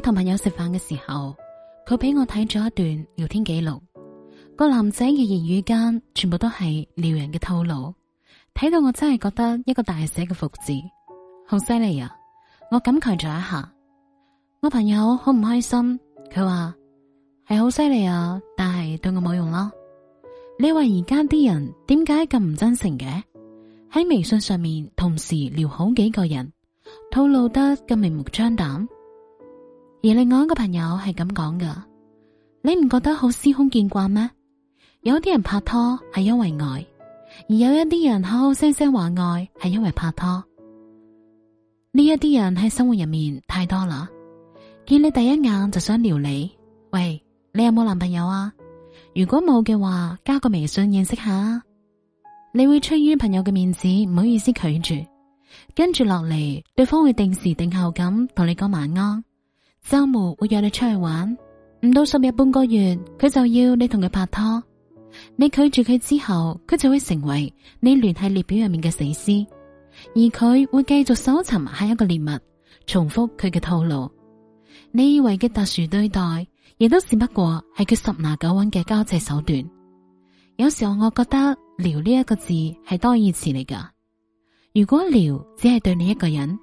同朋友食飯嘅時候，佢俾我睇咗一段聊天記錄，個男仔嘅言語間全部都係撩人嘅套路，睇到我真係覺得一個大寫嘅服字，好犀利啊！我感慨咗一下，我朋友好唔開心，佢話係好犀利啊，但係對我冇用咯。你話而家啲人點解咁唔真誠嘅？喺微信上面同時撩好幾個人，透露得咁明目張膽。而另外一個朋友係咁講噶，你唔覺得好司空見慣咩？有啲人拍拖係因為愛，而有一啲人口口聲聲話愛係因為拍拖。呢一啲人喺生活入面太多啦，見你第一眼就想撩你，喂，你有冇男朋友啊？如果冇嘅話，加個微信認識下。你會出於朋友嘅面子，唔好意思拒絕，跟住落嚟對方會定時定候咁同你講晚安。周末會約你出去玩，唔到十日半個月，佢就要你同佢拍拖。你拒絕佢之後，佢就會成為你聯繫列表入面嘅死屍，而佢會繼續搜尋下一個獵物，重複佢嘅套路。你以為嘅特殊對待，亦都只不過係佢十拿九穩嘅交際手段。有時候我覺得“撩”呢一個字係多義詞嚟㗎。如果“撩”只係對你一個人。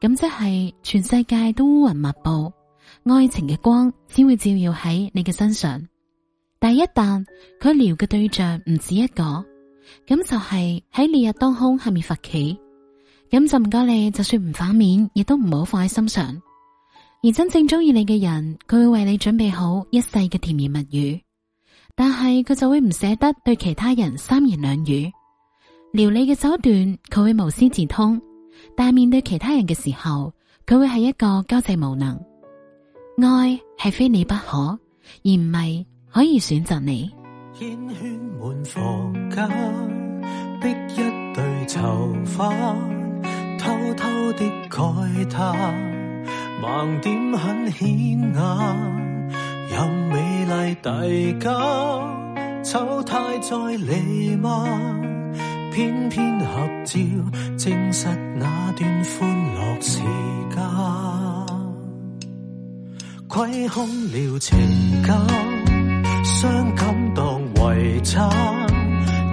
咁即係全世界都烏雲密佈，愛情嘅光只會照耀喺你嘅身上。但一旦佢撩嘅對象唔止一個，咁就係喺烈日當空下面罰企。咁就唔該你，就算唔反面，亦都唔好放喺心上。而真正中意你嘅人，佢會為你準備好一世嘅甜言蜜語。但係佢就會唔捨得對其他人三言兩語。撩你嘅手段，佢會無師自通。但面對其他人嘅時候，佢會係一個交際無能。愛係非你不可，而唔係可以選擇你。煙圈滿房間，逼一對囚花偷偷的慨嘆，盲點很顯眼，任美麗大加醜態再離嗎？偏偏合照證實那段歡樂時間，虧空了情感，傷感當遺產，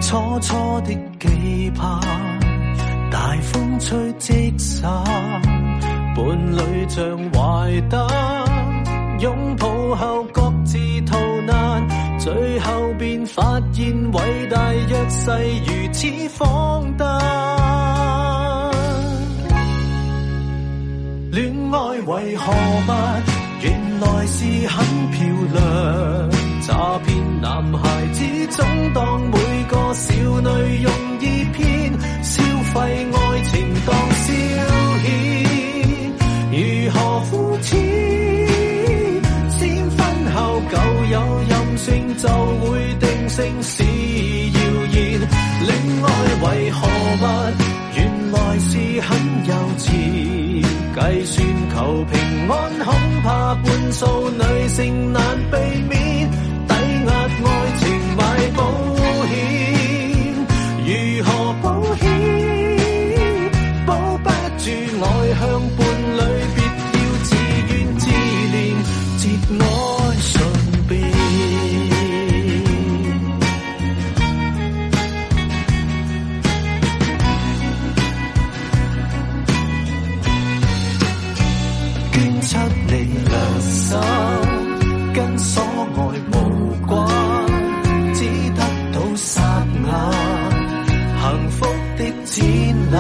初初的寄盼，大風吹即散，伴侶像壞蛋，擁抱後各自逃。最後便發現偉大弱勢如此荒誕，戀愛，為何不？原來是很漂亮。詐騙男孩子總當每個少女用。正是謠言，戀愛為何不？原來是很幼稚，計算求平安，恐怕半數女性難避免。